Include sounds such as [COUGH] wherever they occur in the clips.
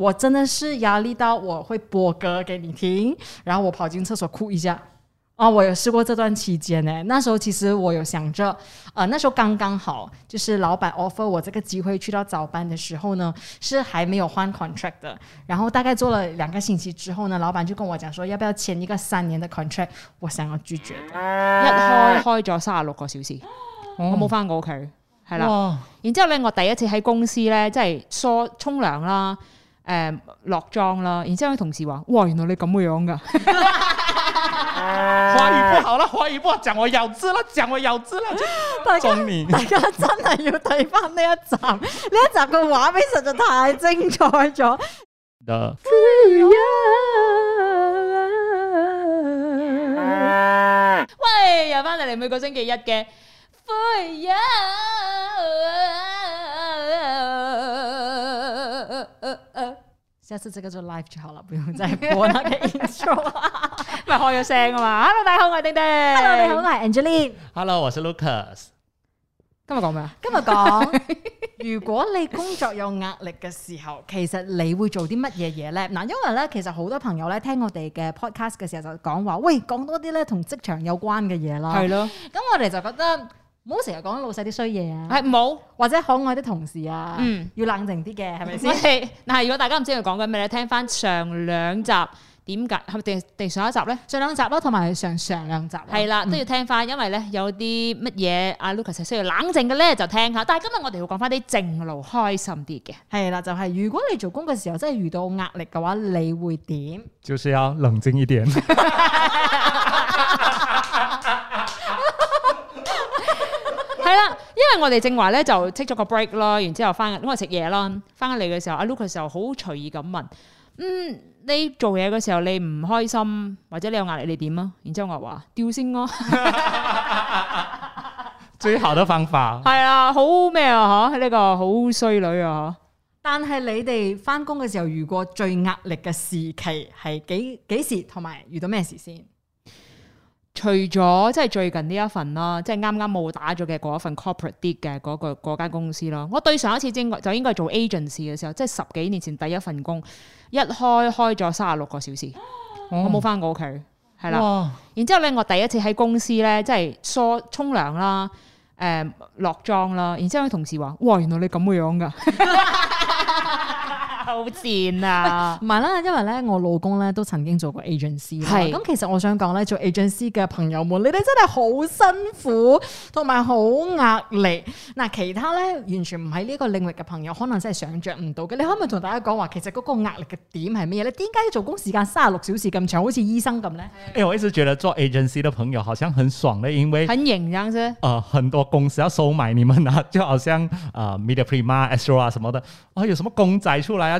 我真的是壓力到我會播歌給你聽，然後我跑進廁所哭一下啊！我有試過這段期間呢，那時候其實我有想着，呃，那時候剛剛好，就是老闆 offer 我這個機會去到早班的時候呢，是還沒有換 contract 的。然後大概做了兩個星期之後呢，老闆就跟我講說，要不要簽一個三年的 contract？我想要拒絕。啊、一后開開咗三十六個小時，哦、我冇翻過屋企，係啦。哇然之後呢，我第一次喺公司呢，即係說沖涼啦。誒，落、嗯、妝啦，然之後同事話，哇，原來你咁嘅樣噶、。 [LAUGHS] uh,！華語不好啦，華語不講我咬字啦，講我咬字啦。大家，美大家真係要睇翻呢一集，呢 [LAUGHS] 一集嘅畫面實在太精彩咗。The Fuyoh 喂，又翻嚟嚟，每個星期一嘅 The Fuyoh [LAUGHS] 就係即刻做 live 就好啦，不用再播嗱啲 intro 啊，咪開咗聲啊嘛！Hello，大家好，我係丁丁。Hello，你好，我係 Angeline。Hello，我是 Lucas。今日講咩啊？今日講如果你工作有壓力嘅時候，其實你會做啲乜嘢嘢咧？嗱，因為咧，其實好多朋友咧聽我哋嘅 podcast 嘅時候就講話，喂，講多啲咧同職場有關嘅嘢啦。係咯。咁我哋就覺得。唔好成日講老細啲衰嘢啊！係冇，或者可愛啲同事啊，嗯、要冷靜啲嘅，係咪先？嗱，如果大家唔知佢講緊咩，要聽翻上兩集點解，係咪定定上一集咧？上兩集咯，同埋上上兩集係啦，對了嗯、都要聽翻，因為咧有啲乜嘢阿、啊、Lucas 需要冷靜嘅咧，就聽下。但係今日我哋要講翻啲正路，開心啲嘅，係啦，就係如果你做工嘅時候真係遇到壓力嘅話，你會點？就是要冷靜一點。 [LAUGHS] 因為我哋正話咧就 take 咗個 break 咯，然之後翻，咁我食嘢咯，翻翻嚟嘅時候，阿、啊、Lucas 又好隨意咁問：嗯，你做嘢嘅時候你唔開心，或者你有壓力你，你點啊？然之後我話：吊先咯，最好的方法。係啊，好咩啊？嗬，呢個好衰女啊！但係你哋翻工嘅時候，遇過最壓力嘅時期係幾幾時？同埋遇到咩事先？除咗即係最近呢一份啦，即係啱啱冇打咗嘅嗰一份 corporate 啲嘅嗰、嗰個嗰間公司咯。我對上一次正就應該係做 agency 嘅時候，即係十幾年前第一份工，一開開咗三十六個小時，哦、我冇翻過屋企。係啦。哇 然之後咧，我第一次喺公司咧，即係梳沖涼啦，誒、呃、落妝啦。然之後，同事話：哇，原來你咁嘅樣㗎！ [LAUGHS] 好賤啊！唔係啦，因為咧，我老公咧都曾經做過 agency，係咁是、嗯、其實我想講咧，做 agency 嘅朋友們，你哋真係好辛苦，同埋好壓力。嗱、呃，其他咧完全唔喺呢個領域嘅朋友，可能真係想象唔到嘅。你可唔可以同大家講話，其實嗰個壓力嘅點係咩咧？點解要做工時間三十六小時咁長，好似醫生咁咧？誒、欸，我一直覺得做 agency 嘅朋友好像很爽咧，因為很形象啫。啊、嗯呃，很多公司要收買你們啊，就好像啊 Media Prima Astro 啊，呃、ima, Ast 什麼的，哇、啊，有什麼公仔出來啊！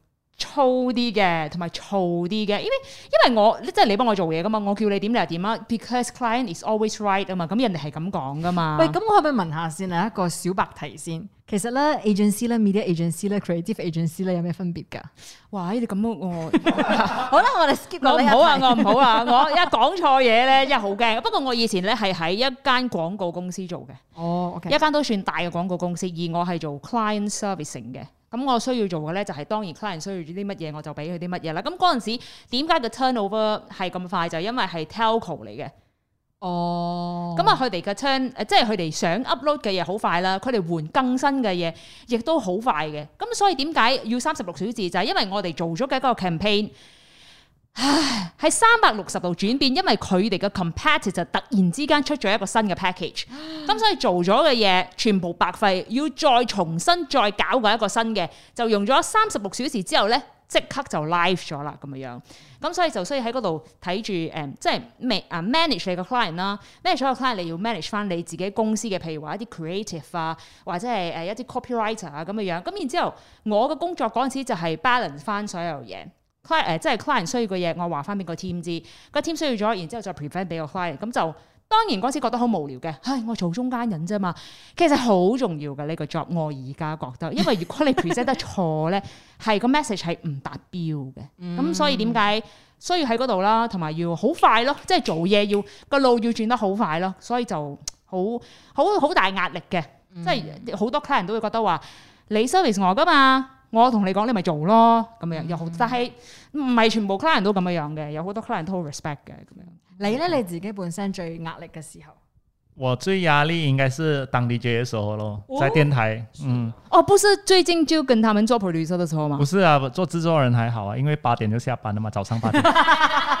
粗啲嘅，同埋躁啲嘅，因為因為我即係你幫我做嘢噶嘛，我叫你點你就點啊。Because client is always right 啊嘛，咁人哋係咁講噶嘛。喂，咁我可唔可以問下先，係一個小白題先？其實咧，agency 咧、media agency 咧、creative agency 咧，有咩分別噶？哇！你咁 [LAUGHS] [LAUGHS] 好啦，我哋 skip 我唔好啊，我唔好啊，我一講錯嘢咧，一好驚。不過我以前咧係喺一間廣告公司做嘅，哦，oh, okay. 一間都算大嘅廣告公司，而我係做 client servicing 嘅。咁我需要做嘅咧就係、是、當然 client 需要啲乜嘢我就俾佢啲乜嘢啦。咁嗰陣時點解個 turnover 係咁快，就因為係 telco 嚟嘅。哦、oh. 呃。咁啊，佢哋嘅 turn 誒即係佢哋想 upload 嘅嘢好快啦，佢哋換更新嘅嘢亦都好快嘅。咁所以點解要三十六小時就係、是、因為我哋做咗嘅一個 campaign。唉，係三百六十度轉變，因為佢哋嘅 competitor 突然之間出咗一個新嘅 package，咁唉所以做咗嘅嘢全部白費，要再重新再搞過一個新嘅，就用咗三十六小時之後咧，即刻就 live 咗啦咁樣。咁所以就需要喺嗰度睇住即係啊 manage 你個 client 啦，manage 所有 client 你要 manage 翻你自己公司嘅，譬如話一啲 creative 啊，或者係誒一啲 copywriter 啊咁嘅樣。咁然之後，我嘅工作嗰陣時就係 balance 翻所有嘢。c、呃、即係 client 需要個嘢，我話翻俾個 team 知，個 team 需要咗，然之後再 present 俾個 client，咁就，cl ient，那就當然嗰時覺得好無聊嘅，唉，我做中間人啫嘛，其實好重要嘅呢、這個作 o 而家覺得，因為如果你 present 得錯咧，係 [LAUGHS] 個 message 係唔達標嘅，咁、嗯、所以點解需要喺嗰度啦？同埋要好快咯，即係做嘢要個路要轉得好快咯，所以就好好好大壓力嘅，嗯、即係好多 client 都會覺得話你 service 我噶嘛。我同你講，你咪做咯，咁樣又好，但係唔係全部 client 都咁樣樣嘅，有好多 client 都好 respect 嘅咁樣。你咧你自己本身最壓力嘅時候？我最壓力應該係當 DJ 嘅時候咯，哦、在電台。嗯，哦，不是最近就跟他們做 producer 嘅時候嘛。不是啊，做製作人還好啊，因為八點就下班啦嘛，早上八點。 [LAUGHS]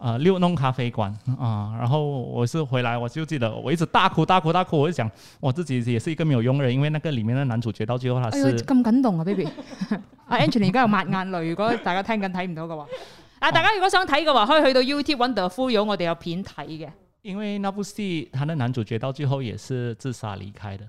啊，六弄咖啡館啊，然後我是回來，我就記得我一直大哭大哭大哭，我就想我自己也是一個沒有用嘅人，因為那個裏面的男主角到最後還是。哎呀，這麼感動啊，baby！Angelina 而家又抹眼淚。如果大家聽緊睇唔到嘅話，啊，大家如果想睇嘅話，可以去到 YouTube 搵到 The Fuyoh，我哋有片睇嘅。因為那部戲，他那男主角到最後也是自殺離開的。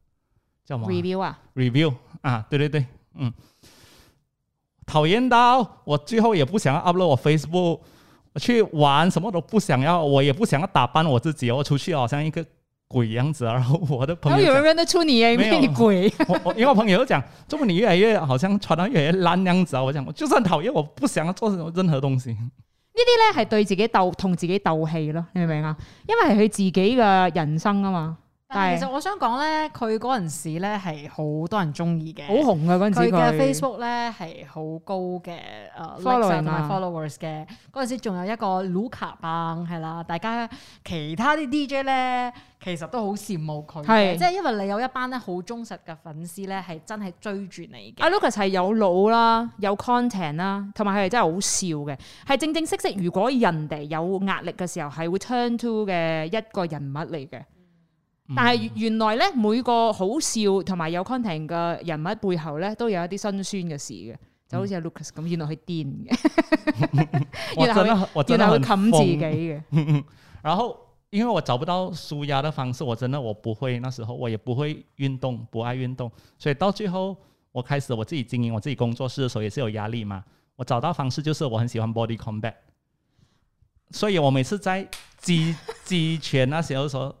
review 啊，review 啊，對對對，嗯，討厭到我最後也不想要 upload 我 Facebook，我去玩，什麼都不想要，我也不想要打扮我自己。我出去好像一個鬼樣子，然後我的朋友有人認得出你誒，咩鬼，一個朋友講，最近 [LAUGHS] 你越來越好像穿得越來越爛樣子啊，我講我就算討厭，我不想要做任何東西，呢啲咧係對自己鬥，同自己鬥氣咯，你明唔明啊？因為係佢自己嘅人生啊嘛。但係，對其實我想講咧，佢嗰陣時咧係好多人中意嘅，好紅嘅嗰陣時。佢嘅 Facebook 咧係好高嘅誒、uh, follower 同埋 followers 嘅嗰陣時，仲有一個 Luca 班，係啦，大家其他啲 DJ 咧其實都好羨慕佢嘅，即係是因為你有一班咧好忠實嘅粉絲咧係真係追住你嘅。阿、啊、Luca 係有腦啦，有 content 啦，同埋佢哋真係好笑嘅，係正正式式，如果人哋有壓力嘅時候，係會 turn to 嘅一個人物嚟嘅。嗯、但係原來咧每個好笑同埋有 content 嘅人物背後咧都有一啲辛酸嘅事嘅，就好似阿 Lucas 咁，原來佢癲嘅，嗯、 [LAUGHS] 原來原來佢冚自己嘅。然後因為我找不到舒壓嘅方式，我真的我不會，那時候我也不會運動，不愛運動，所以到最後我開始我自己經營我自己工作室嘅時候，也是有壓力嘛。我找到方式就是我很喜歡 body combat，所以我每次在自自拳那些時候。 [LAUGHS]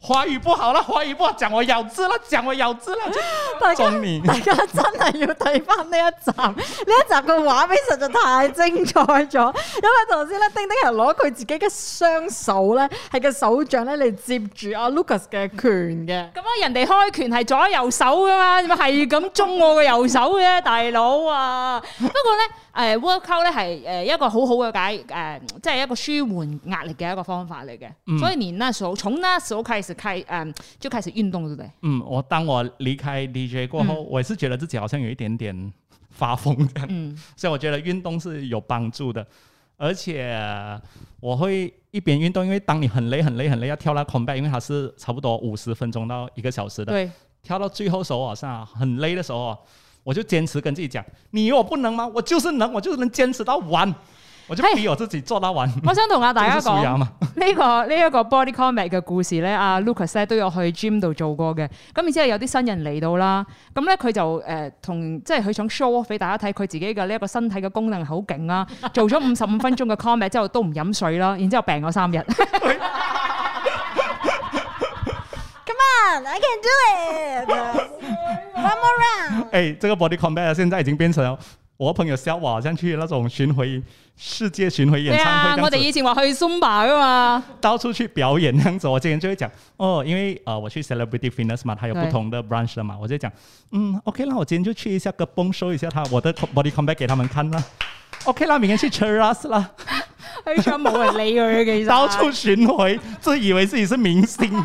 華語不好啦，華語不好，講我幼稚啦，講我幼稚啦，家中你，大家真係要睇翻呢一集，呢 [LAUGHS] 一集嘅畫面實在太精彩咗，因為頭先咧，丁丁係攞佢自己嘅雙手咧，係個手掌咧嚟接住阿 Lucas 嘅拳嘅，咁、嗯、啊人哋開拳係左右手噶嘛，咪係咁中我嘅右手嘅大佬啊， [LAUGHS] 不過咧。誒、uh, workout 咧係一個好好嘅解誒，即係、uh, 一個舒緩壓力嘅一個方法嚟嘅。嗯、所以你那時候從那時候開始開，開始誒，就開始運動嘅，對唔對？嗯，我當我離開 DJ 過後，嗯、我也是覺得自己好像有一點點發瘋，嗯，所以我覺得運動是有幫助的。而且，我會一邊運動，因為當你很累、很累、很累，要跳那 combat，因為它是差不多五十分鐘到一個小時的。對。跳到最後的時候，好像很累的時候。我就堅持跟自己講，你我不能嗎？我就是能，我就是能堅持到完，我就逼我自己做到完。Hey, [LAUGHS] 我想同阿大家講，呢、 [LAUGHS] 這個呢一、這個 body combat 嘅故事咧，阿、啊、Lucas 呢都有去 gym 度做過嘅。咁然之後有啲新人嚟到啦，咁咧佢就誒、呃、同即係佢想 show off 俾大家睇佢自己嘅呢一個身體嘅功能好勁啦。 [LAUGHS] 做咗五十五分鐘嘅 combat 之後都唔飲水啦，然之後病咗三日。對 [LAUGHS] Come on, I can do it. [LAUGHS] One more round. 哎，u n r o u n d 這個 body combat 現在已經變成了我朋友笑我好像去那種巡回世界巡回演唱會，啊。我哋以前話去 Zumba 噶嘛，到處去表演。這樣子，我之前就會講，哦，因為啊、呃，我去 celebrity fitness 嘛，佢有不同的 branch 嘛，對我就講，嗯，OK 那我今天就去一下，Gombak show 一下，他我的 body combat 給他們看啦。OK 啦，明天去 Cheras 啦。而且冇人理佢、啊、到處巡回，自以為自己是明星。 [LAUGHS]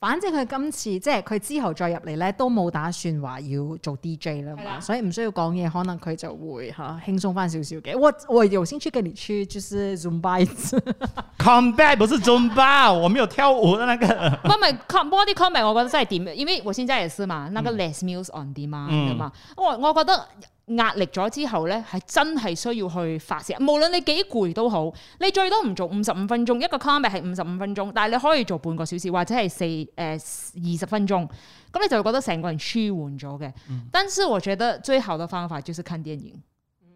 反正佢今次即係，佢之後再入嚟咧，都冇打算話要做 DJ 啦嘛，的所以唔需要講嘢，可能佢就會嚇輕鬆翻少少嘅。我我有出趣跟你去就是 Zumba 次。Combat 不是 Zumba [LAUGHS] 我沒有跳舞的那個。m、嗯、 [LAUGHS] body Combat 我覺得真係點，因為我現在也是嘛，那個 Les Mills on demand 嘛、嗯，我我覺得。壓力咗之後咧，係真係需要去發泄。無論你幾攰都好，你最多唔做五十五分鐘，一個 comeback 係五十五分鐘，但係你可以做半個小時或者係四誒二十分鐘，咁你就會覺得成個人舒緩咗嘅。嗯、但是我覺得最後嘅方法就是看電影，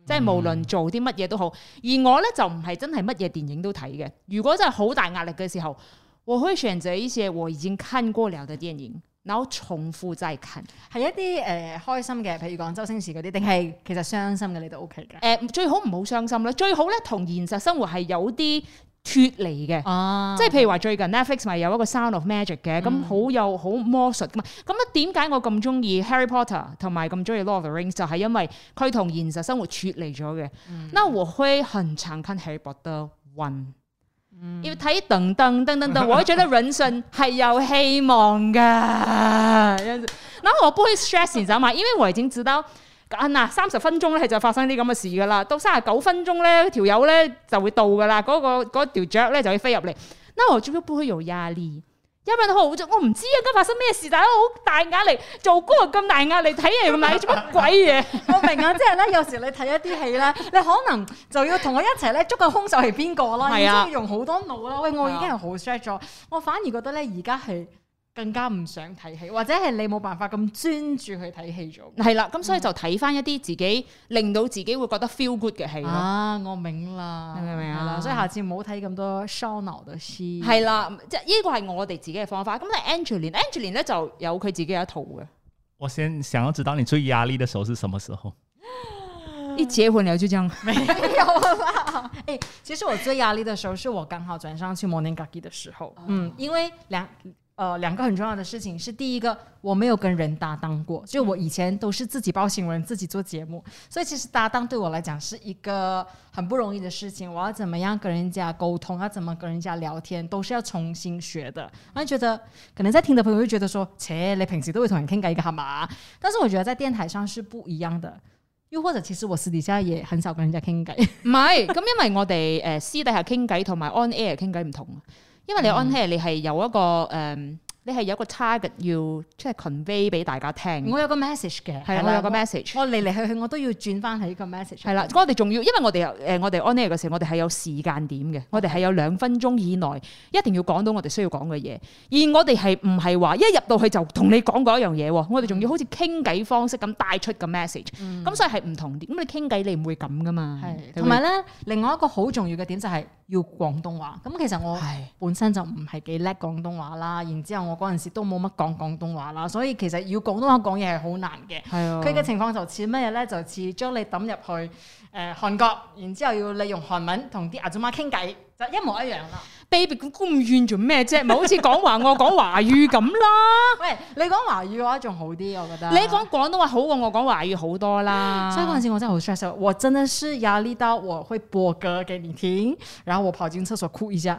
即係、嗯、無論做啲乜嘢都好。而我咧就唔係真係乜嘢電影都睇嘅。如果真係好大壓力嘅時候，我可以選擇呢啲我已經看過了嘅電影。嗱，然後重複在近，係一啲誒開心嘅，譬如講周星馳嗰啲，定係其實傷心嘅你都 OK 嘅。誒、呃，最好唔好傷心啦，最好咧同現實生活係有啲脱離嘅。哦，啊、即係譬如話最近 Netflix 咪有一個《Sound of Magic》嘅，咁好、嗯、有好魔術。咁啊，點解我咁鍾意《Harry Potter》同埋咁鍾意《Lord of the Rings》？就係、是、因為佢同現實生活脱離咗嘅。那、嗯、我會很撐緊 Harry Potter。要睇噔噔噔噔噔，我會覺得人生係有希望噶，咁 [LAUGHS] 我不會 stress，你知嘛？因為我已經知道，嗱、呃，三十分鐘咧就發生啲咁嘅事噶啦，到三十九分鐘咧條友咧就會到噶啦，嗰、那個嗰條雀咧就會飛入嚟，嗱，我就會不會有壓力。因為好咗，我唔知而家發生咩事，但係都好大壓力，做工咁大壓力，睇嘢又咁做乜鬼嘢？ [LAUGHS] 我明啊，即係咧，有時你睇一啲戲咧， [LAUGHS] 你可能就要同我一齊咧，捉個兇手係邊個啦，然之後 [LAUGHS] 要用好多腦啦。 [LAUGHS] 喂，我已經係好 stress 咗， [LAUGHS] 我反而覺得咧，而家係。更加唔想睇戲，或者係你冇辦法咁專注去睇戲咗。係啦，咁所以就睇翻一啲自己、嗯、令到自己會覺得 feel good 嘅戲咯。啊，我明啦，你明唔明啊？所以下次唔好睇咁多 shallow 嘅戲。係啦，即係呢個係我哋自己嘅方法。咁你 Angeline，Angeline 咧 Ang 就有佢自己一套嘅。我先想要知道你最壓力嘅時候係什麼時候？一結婚了就咁樣，沒有啦。誒，其實我最壓力嘅時候係我剛好轉上去 m o n o g a 嘅時候。嗯，因為兩。呃，兩個很重要的事情是，第一個我沒有跟人搭檔過，的就我以前都是自己報新聞、自己做節目，所以其實搭檔對我來講是一個很不容易的事情。我要怎麼樣跟人家溝通，要怎麼跟人家聊天，都是要重新學的。那、嗯、覺得可能在聽的朋友會覺得說，切，你平時都會同人傾偈噶好嗎？但是我覺得在電台上是不一樣的。又或者，其實我私底下也很少跟人家傾偈。唔係， [LAUGHS] 咁因為我哋誒、呃、 [LAUGHS] 私底下傾偈同埋 on air 傾偈唔同。因為你 on air 你係有一個、嗯、你係有一個 target 要即係 convey 俾大家聽。我有個 message 嘅，係的我有個 message。我嚟嚟去去我都要轉翻係個 message。係啦，我哋仲要，因為我哋誒、呃、我哋 on air 嘅時候，我哋係有時間點嘅，我哋係有兩分鐘以內一定要講到我哋需要講嘅嘢。而我哋係唔係話一入到去就同你講嗰一樣嘢？我哋仲要好似傾偈方式咁帶出個 message、嗯。咁所以係唔同啲。咁你傾偈你唔會咁噶嘛。係的。同埋咧，另外一個好重要嘅點就係、是。要廣東話，咁其實我本身就唔係幾叻廣東話啦，的然之後我嗰陣時都冇乜講廣東話啦，所以其實要廣東話講嘢係好難嘅。佢嘅的情況就似咩嘢咧？就似將你抌入去誒、呃、韓國，然之後要利用韓文同啲阿豬媽傾偈。一模,一模一樣啦，baby 咁咁怨做咩啫？咪 [LAUGHS] 好似講華我講華語咁啦。 [LAUGHS] 喂，你講華語嘅話仲好啲，我覺得。你講廣東話好過我講華語好多啦。所以嗰陣時我真係好 stress, 我真的是壓力到，我會播歌給你聽，然後我跑進廁所哭一下。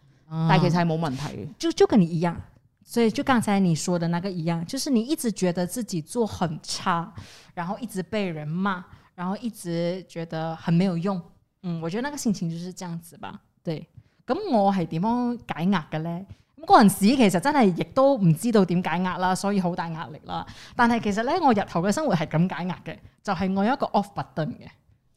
但其實係冇問題，嗯，就就跟你一樣，所以就剛才你說的那個一樣，就是你一直覺得自己做很差，然後一直被人罵，然後一直覺得很沒有用，嗯，我覺得那個心情就是這樣子吧。對，咁我係點樣解壓嘅咧？咁嗰陣時其實真係亦都唔知道點解壓啦，所以好大壓力啦。但係其實咧，我日後嘅生活係咁解壓嘅，就係，是，我有一個 off button 嘅，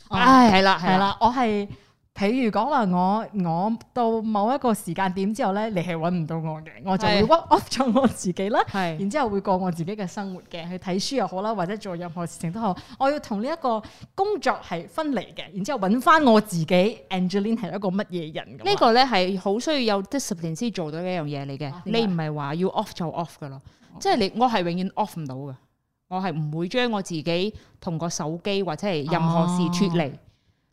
係啦係啦，係啊，我係。譬如講話我我到某一個時間點之後咧，你係搵唔到我嘅，我就會 work off 咗我自己啦，是的 然之後會過我自己嘅生活嘅，是的 去睇書又好啦，或者做任何事情都好，我要同呢一個工作係分離嘅，然之後搵翻我自己 Angeline 係一個乜嘢人？呢個咧係好需要有 discipline 先做到一樣嘢嚟嘅。你唔係話要 off 就 off 噶咯，即係你我係永遠 off 唔到嘅，我係唔會將我自己同個手機或者係任何事脫離。哦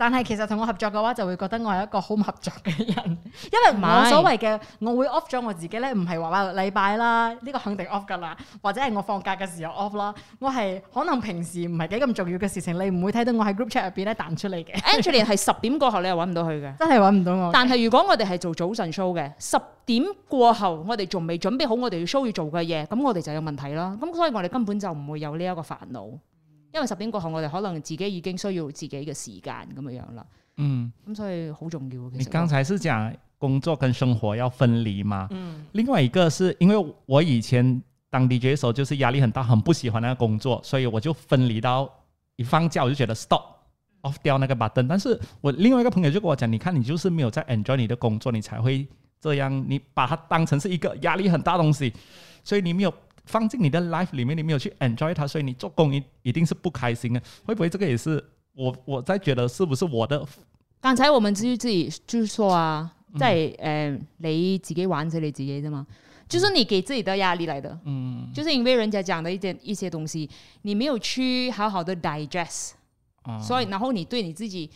但係其實同我合作嘅話，就會覺得我係一個好唔合作嘅人，因為冇所謂嘅，我會 off 咗我自己咧，唔係話話禮拜啦，呢個肯定 off 噶啦，或者係我放假嘅時候 off 啦，我係可能平時唔係幾咁重要嘅事情，你唔會睇到我喺 group chat 入邊咧彈出嚟嘅。Angeline 係十點過後你又揾唔到佢嘅，真係揾唔到我。但係如果我哋係做早晨 show 嘅，十點過後我哋仲未準備好，我哋要 show 要做嘅嘢，咁我哋就有問題啦。咁所以我哋根本就唔會有呢一個煩惱。因為十點過後，我哋可能自己已經需要自己嘅時間咁樣樣啦。嗯，咁、嗯、所以好重要。你剛才是講工作跟生活要分離嘛？嗯，另外一個是因為我以前當 DJ 嘅時候，就是壓力很大，很不喜歡那個工作，所以我就分離到一放假我就覺得 stop off 掉那個 button。但是我另外一個朋友就跟我講：你看你就是沒有在 enjoy 你的工作，你才會這樣，你把它當成是一個壓力很大東西，所以你沒有。放進你的 life 裏面，你沒有去 enjoy 它，所以你做工一定是不開心嘅。會不會這個也是我我在覺得，是不是我的？剛才我們自己自己就是說啊，在誒、嗯呃、你自己玩你自己嘅嘛，就是你給自己嘅壓力嚟的。嗯，就是因為人家講的一啲一些東西，你沒有去好好的 digest，、嗯、所以然後你對你自己，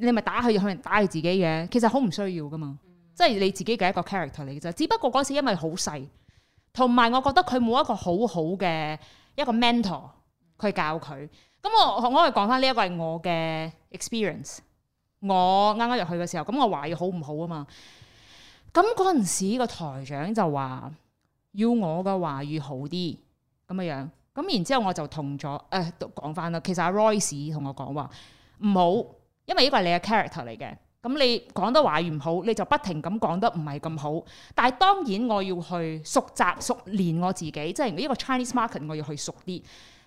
你咪打佢，可能打你自己嘅，其實好唔需要噶嘛。即係、嗯、你自己嘅一個 character 嚟嘅，只不過嗰時因為好細。同埋，還有我覺得佢冇一個很好好嘅一個 mentor 佢、嗯、教佢。咁我我係講翻呢一個係我嘅 experience。我啱啱入去嘅時候，咁我話語好唔好啊嘛？咁嗰陣時個台長就話要我嘅話語好啲咁嘅樣。咁然之後我就同咗誒講翻啦。其實阿 Royce 同我講話唔好，因為呢個係你嘅 character 嚟嘅。咁你講得華語唔好，你就不停咁講得唔係咁好。但係當然我要去熟習、熟練我自己，即係一個 Chinese market，我要去熟啲。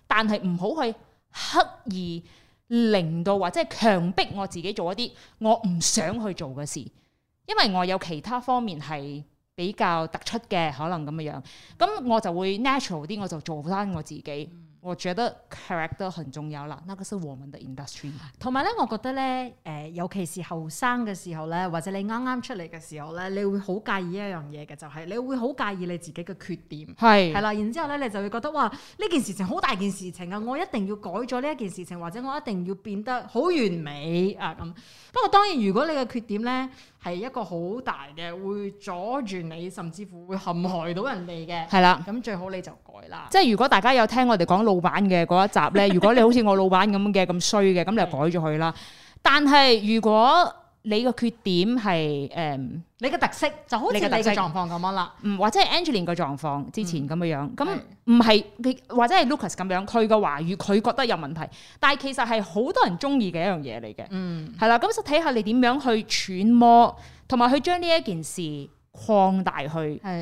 但係唔好去刻意令到或者係強迫我自己做一啲我唔想去做嘅事，因為我有其他方面係比較突出嘅，可能咁嘅樣。咁我就會 natural 啲，我就做翻我自己。我覺得 character 很重要啦，那個是我們的 industry。同埋咧，我覺得咧，誒、呃，尤其是後生嘅時候咧，或者你啱啱出嚟嘅時候咧，你會好介意一樣嘢嘅，就係、是、你會好介意你自己嘅缺點。係係是啦，然之後咧，你就會覺得哇，呢件事情好大件事情啊，我一定要改咗呢一件事情，或者我一定要變得好完美啊咁、嗯。不過當然，如果你嘅缺點咧，係一個好大嘅，會阻住你，甚至乎會陷害到人哋嘅。係啦的，咁最好你就改啦。即係如果大家有聽我哋講老闆嘅嗰一集咧， [LAUGHS] 如果你好似我老闆咁嘅咁衰嘅，咁你就改咗佢啦。的但係如果，你個缺點係誒，um，你嘅特色就好似你嘅狀況咁樣啦，嗯，或者係 Angeline 個狀況之前咁嘅嗯、樣，咁唔係或者係 Lucas 咁樣，佢個華語佢覺得有問題，但係其實係好多人鍾意嘅一樣嘢嚟嘅，嗯，係啦，咁就睇下你點樣去揣摩，同埋去將呢一件事擴大去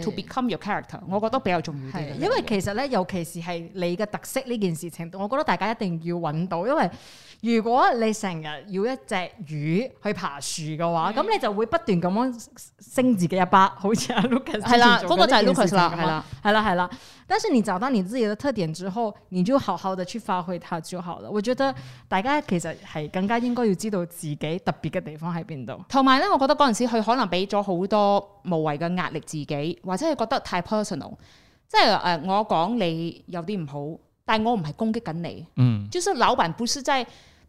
to become your character，我覺得比較重要啲，嘅因為其實咧，尤其是係你嘅特色呢件事情，我覺得大家一定要揾到，因為如果你成日要一隻魚去爬樹嘅話，咁是的 你就會不斷咁樣升自己一巴，好似阿 Lucas 係啦，嗰個就係 Lucas 係啦，係啦，係啦。但是你找到你自己的特點之後，你就好好的去發揮它就好了。我覺得大家其實係更加應該要知道自己特別嘅地方喺邊度。同埋咧，我覺得嗰陣時佢可能俾咗好多無謂嘅壓力自己，或者係覺得太 personal，即係誒我講你有啲唔好，但係我唔係攻擊緊你，嗯，就是老闆不是在，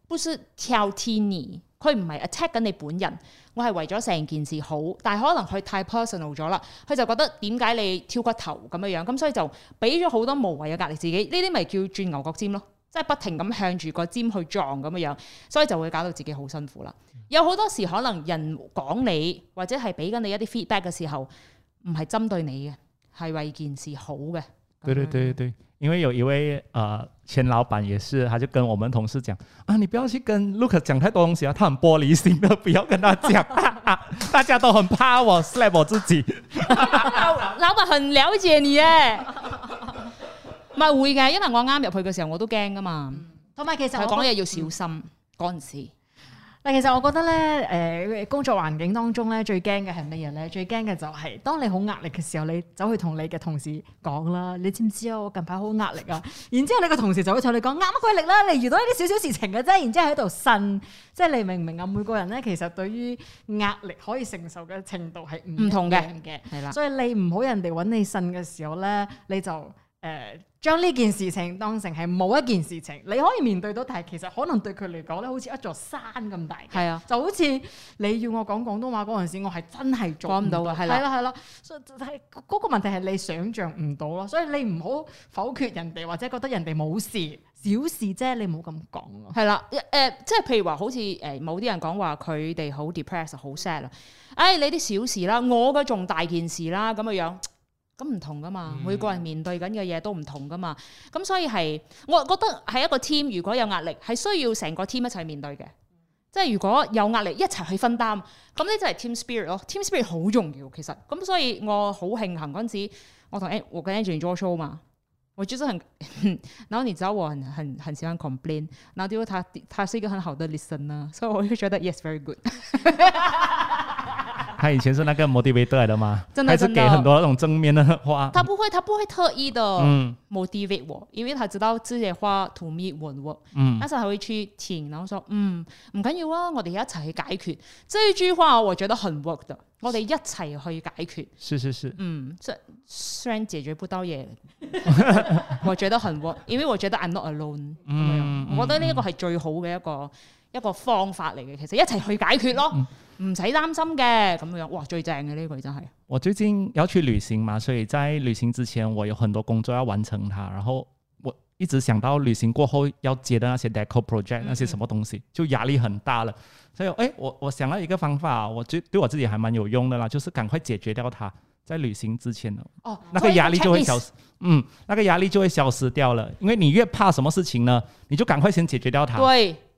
不是挑剔你，佢唔係 attack 緊你本人。我係為咗成件事好，但係可能佢太 personal 咗啦，佢就覺得點解你挑骨頭，咁樣樣，咁所以就俾咗好多無謂嘅壓力自己，呢啲咪叫轉牛角尖咯，即係不停咁向住個尖去撞咁樣樣，所以就會搞到自己好辛苦啦。有好多時可能人講你或者係俾緊你一啲 feedback 嘅時候，唔係針對你嘅，係為件事好嘅。對對對對。因為有一位、呃、前老闆也是，他就跟我們同事講啊，你不要去跟 Lucas 講太多東西啊，他很玻璃心的，不要跟他講 [LAUGHS] [LAUGHS] 大家都很怕我 slap 我自己。 [LAUGHS] 老闆 [LAUGHS] 很了解你耶，唔係唔會嘅，因為我啱入去嘅時候我都驚㗎嘛，同埋其實佢講嘢要小心，講人、嗯嗱，其實我覺得咧，誒工作環境當中咧最驚嘅係乜嘢咧？最驚嘅就係當你好壓力嘅時候，你走去同你嘅同事講啦。你知唔知啊？我近排好壓力啊。 [LAUGHS] 然之後你嘅同事就會同你講，壓乜 [LAUGHS] 鬼力啦！你遇到一啲小小事情嘅啫。然之後喺度呻，即係你明唔明啊？每個人咧其實對於壓力可以承受嘅程度係唔同嘅，係啦。所以你唔好人哋搵你呻嘅時候咧，你就誒，呃將呢件事情當成係冇一件事情，你可以面對到，但係其實可能對佢嚟講咧，好似一座山咁大嘅。係啊，就好似你要我講廣東話嗰陣時，我係真係做唔到嘅。係啦係啦，係嗰個問題係你想象唔到咯，所以你唔好否決人哋，或者覺得人哋冇事，小事啫，你唔好咁講。係啦、啊，誒、呃，即係譬如話，好似誒、呃、某啲人講話佢哋好 depress 好 sad 啊，哎，你啲小事啦，我嘅仲大件事啦，咁嘅樣樣。咁唔同噶嘛，嗯、每個人面對緊嘅嘢都唔同噶嘛，咁所以係我覺得係一個 team，如果有壓力係需要成個 team 一齊面對嘅，嗯、即係如果有壓力一齊去分擔，咁呢就係 team spirit 咯。team spirit 好重要其實，咁所以我好慶幸嗰陣時，我同我嘅 engineer Joshua 嘛，我就是很，然後你知道我很很很喜歡 complain，然後因為他他是一個很好的 listener 啦？所以我就覺得 yes very good。 [LAUGHS] [LAUGHS] 他以前是那個 motivate 得嚟的嗎？真的真的還是給很多那種正面的話？他不會，他不會特意的 motivate 我，嗯、因為他知道這些話 to me 唔 work。嗯，但是他會去聽，然後說嗯唔緊要啊，我哋一齊去解決。這一句話我覺得很 work 的，我哋一齊去解決。是是是，嗯，雖然解決不到嘢， [LAUGHS] 我覺得很 work，因為我覺得 I'm not alone，嗯。我覺得呢一個係最好嘅一個一個方法嚟嘅，其實一齊去解決咯。嗯唔使擔心嘅咁樣，哇最正嘅呢、這個真係。我最近要去旅行嘛，所以在旅行之前我有很多工作要完成它，它然後我一直想到旅行過後要接的那些 deco project 嗯嗯那些什麼東西，就壓力很大了。所以誒、哎，我我想到一個方法，我就對我自己還蠻有用的啦，就是趕快解決掉它，在旅行之前哦，哦，那個壓力就會消失，所以，嗯，那個壓力就會消失掉了，因為你越怕什麼事情呢，你就趕快先解決掉它，對。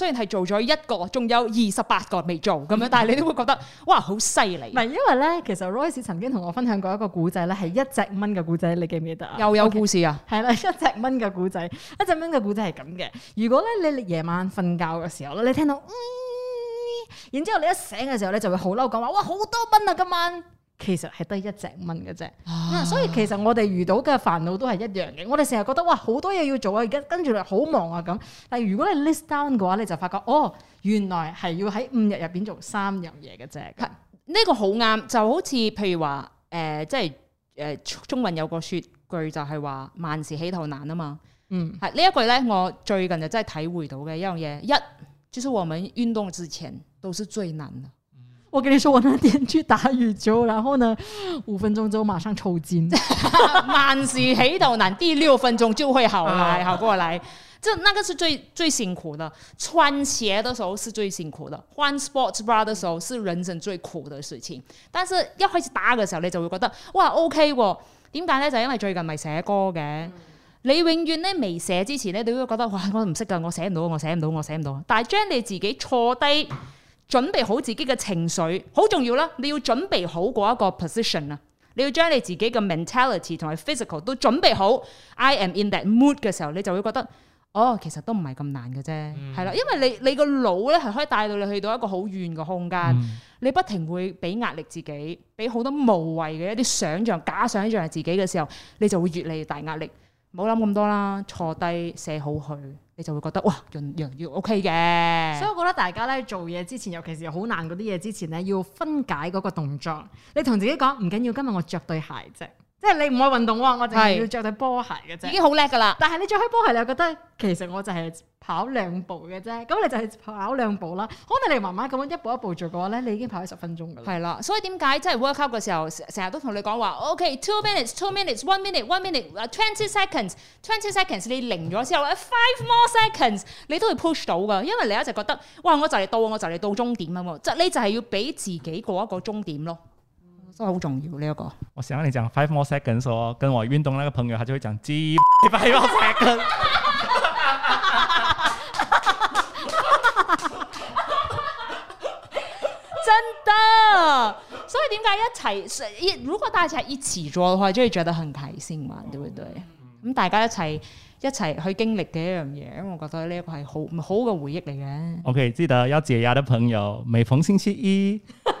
雖然係做咗一個，仲有二十八個未做咁樣，但係你都會覺得哇，好犀利。唔係因為咧，其實 Royce 曾經同我分享過一個古仔咧，係一隻蚊嘅古仔，你記唔記得啊？又有故事啊？係啦 Okay. [LAUGHS] 一隻蚊嘅古仔，一隻蚊嘅古仔係咁嘅。如果咧你夜晚瞓覺嘅時候咧，你聽到，嗯，然之後你一醒嘅時候咧，就會好嬲講話，哇，好多蚊啊今晚！其實係得一隻蚊嘅啫，啊，所以其實我哋遇到嘅煩惱都係一樣嘅。我哋成日覺得哇好多嘢要做啊，而家跟住嚟好忙啊咁。但係如果你 list down 嘅話，你就發覺哦，原來係要喺五日入邊做三樣嘢嘅啫。呢個好啱，就好似譬如話誒，即係誒中文有個説句就係話萬事起頭難啊嘛。嗯，係呢一句咧，我最近就真係體會到嘅一樣嘢，一就是我們運動之前都是最難。我跟你說，我那天去打羽球，然後呢，五分鐘之後馬上抽筋。萬 [LAUGHS] 事起頭難， [LAUGHS] 第六分鐘就會好來好過來。就 [LAUGHS] 那個是最最辛苦的，穿鞋的時候是最辛苦的，換 sports bra 的時候是人生最苦的事情。但是一開始打嘅時候，你就會覺得哇 OK 喎、哦。點解呢？就因為最近咪寫歌嘅。嗯、你永遠呢，未寫之前呢，你都會覺得哇，我唔識㗎，我寫唔到，我寫唔到，我寫唔到。但係將你自己坐低。準備好自己嘅情緒好重要啦！你要準備好嗰一個 position 啊，你要將你自己嘅 mentality 同埋 physical 都準備好。I am in that mood 嘅時候，你就會覺得，哦，其實都唔係咁難嘅啫，係、嗯、啦，因為你你個腦咧係可以帶到你去到一個好遠嘅空間。嗯、你不停會俾壓力自己，俾好多無謂嘅一啲想像、假想像係自己嘅時候，你就會越嚟越大壓力。唔好諗咁多啦，坐低寫好佢，你就會覺得，哇，樣樣要 OK 嘅。所以我覺得大家咧做嘢之前，尤其是好難嗰啲嘢之前咧，要分解嗰個動作。你同自己講唔緊要，今日我着對鞋啫。即係你唔愛運動喎，我就係要着對波鞋嘅啫，已經好叻噶啦。但係你着開波鞋，你又覺得其實我就係跑兩步嘅啫，咁你就係跑兩步啦。可能你慢慢咁樣一步一步做嘅話咧，你已經跑咗十分鐘噶啦。係啦，所以點解即係 work out 嘅時候，成日都同你講話，OK，two minutes，two minutes，one minute，one minute，twenty seconds，twenty seconds，你零咗之後，five more seconds，你都會 push 到噶，因為你一直覺得，哇，我就嚟到，我就嚟到終點啊！即係你就係要俾自己過一個終點咯。都好重要呢一個、這個。我想你講 five more seconds 我跟我運動那個朋友，他就會講知 five more seconds。真的，所以點解一齊？如果對對大家一齊遲咗嘅話，就意着得恨啟先嘛，對唔對？咁大家一齊一齊去經歷嘅一樣嘢，咁我覺得呢一個係好，好好好嘅回憶嚟嘅。OK，記得要解壓嘅朋友，每逢星期一。 [LAUGHS]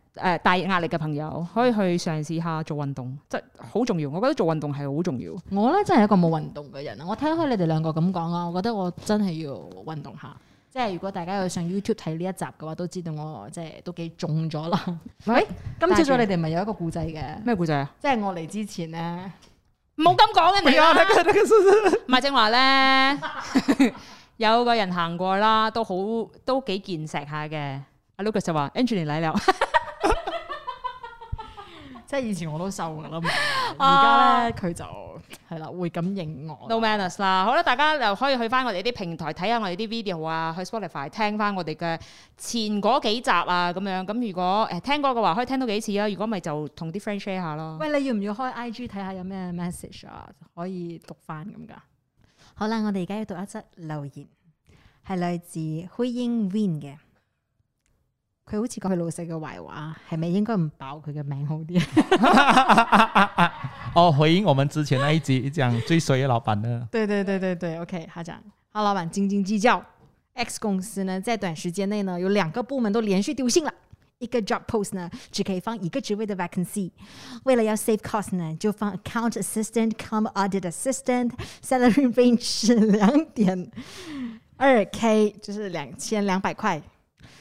誒、呃、大壓力嘅朋友可以去嘗試下做運動，即係好重要。我覺得做運動係好重要我呢。我咧真係一個冇運動嘅人啊！我睇開你哋兩個咁講啊，我覺得我真係要運動下。即係如果大家有上 YouTube 睇呢一集嘅話，都知道我即係都幾重咗啦。喂，哎、今朝早你哋咪有一個故仔嘅？咩故仔啊？即係我嚟之前咧，冇咁講嘅你啊！麥正華咧，有個人行過啦，都好都幾健碩下嘅。阿 [LAUGHS] Lucas 就話：Angeline 嚟啦。 [LAUGHS] 即係以前我都瘦噶啦，而家咧佢就係啦，會咁認我。No manners 啦，好啦，大家又可以去翻我哋啲平台睇下我哋啲 video 啊，去 Spotify 聽翻我哋嘅前嗰幾集啊，咁樣咁如果誒、呃、聽過嘅話，可以聽到幾次啊。如果咪就同啲 friend share 下咯。喂，你要唔要開 IG 睇下有咩 message 啊？可以讀翻咁噶。好啦，我哋而家要讀一則留言，係來自 Huiying Win 嘅。佢好似講佢老細嘅壞話，係咪應該唔爆佢嘅名好啲？哦，回應我們之前那一集講，講 [LAUGHS] 最衰嘅老闆呢。對對對對對，OK，他講，他老闆斤斤計較。X 公司呢，在短時間內呢，有兩個部門都連續丟信了。一個 job post 呢，只可以放一個職位的 vacancy。為了要 save cost 呢，就放 account assistant、audit assistant，salary range 是兩點二 k，就是兩千兩百塊。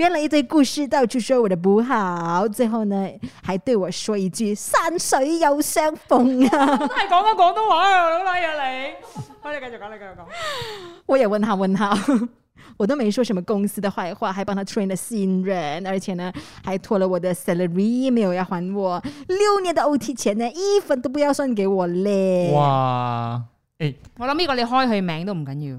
編了一堆故事到處說我的不好，最後呢還對我說一句“山水有相逢、啊”。真係講緊廣東話，老友、啊、你，開你繼續講你繼續講。 [LAUGHS] 我也問下問下，我都沒說什麼公司的壞話，還幫他 train 了新人，而且呢還拖了我的 salary 沒有要還我六年的 OT 錢呢，一分都不要算給我嘞！哇，哎、欸，我諗呢個你開佢名都唔緊要。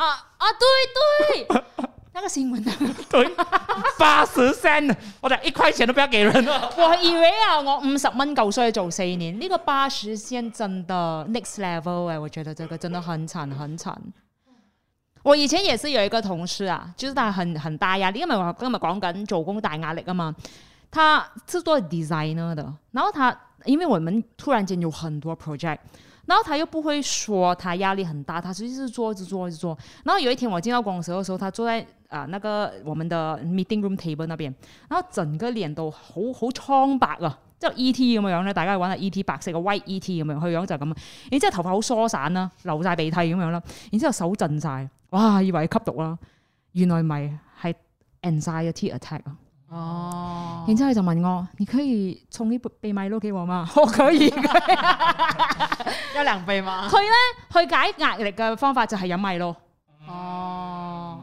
啊啊對對，對 [LAUGHS] 那個新聞啊，對八十三， [LAUGHS] C，我哋一塊錢都不要給人咯。我以為啊，我五十蚊夠衰做四年，呢、這個八十先真的 next level 啊！我覺得這個真的很慘，很慘。我以前也是有一個同事啊，就是他很很大壓力，啱咪我啱咪講緊做工大壓力啊嘛。他是做 designer 的，然後他因為我們突然間有很多 project。然後他又不會說他壓力很大，他實際是坐住坐住坐，着坐着。然後有一天我進到公司的時候，他坐在啊、呃、那個我們的 meeting room table 那邊，然後整個臉都好好蒼白啊，即係 E.T. 咁樣樣咧，大家去玩下 E.T. 白色嘅 white E.T. 咁樣，佢、就是、樣就咁，然之後頭髮好疏散啦、啊，流晒鼻涕咁樣啦，然之後手震晒，哇，以為吸毒啦，原來咪係 anxiety attack 啊！哦，然之後佢就問我，你可以送呢杯米露給我嗎？我可以，要兩杯嘛佢咧，去解壓力嘅方法就係飲米露。哦。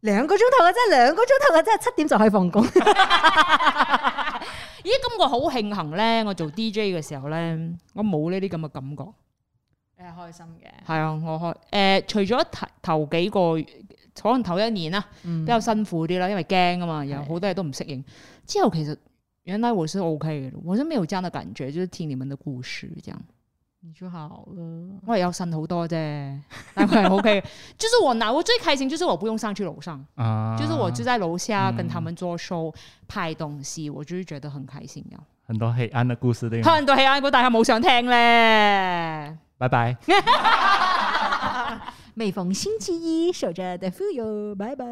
兩個鐘頭嘅啫，兩個鐘頭嘅啫，七點就可以放工。咦，而家感覺好慶幸咧，我做 DJ 嘅時候咧，我冇呢啲咁嘅感覺。誒，開心嘅係啊，我開誒、呃，除咗頭頭幾個月，可能頭一年啦，比較辛苦啲啦，因為驚啊嘛，有好多嘢都唔適應。的之後其實原來我是 OK 嘅，我都沒有呢種感覺，就聽你們的故事這樣。你就好了，我也要信好多啫，但佢係 OK，就是我拿我最開心，就是我不用上去樓上，啊，就是我就在樓下跟他們做 show、嗯、拍東西，我就是覺得很開心噶、啊，很多黑暗的故事啲，對很多黑暗故，大家冇想聽咧，拜拜， [LAUGHS] [LAUGHS] [LAUGHS] 每逢星期一守着 the fuyoh，拜拜。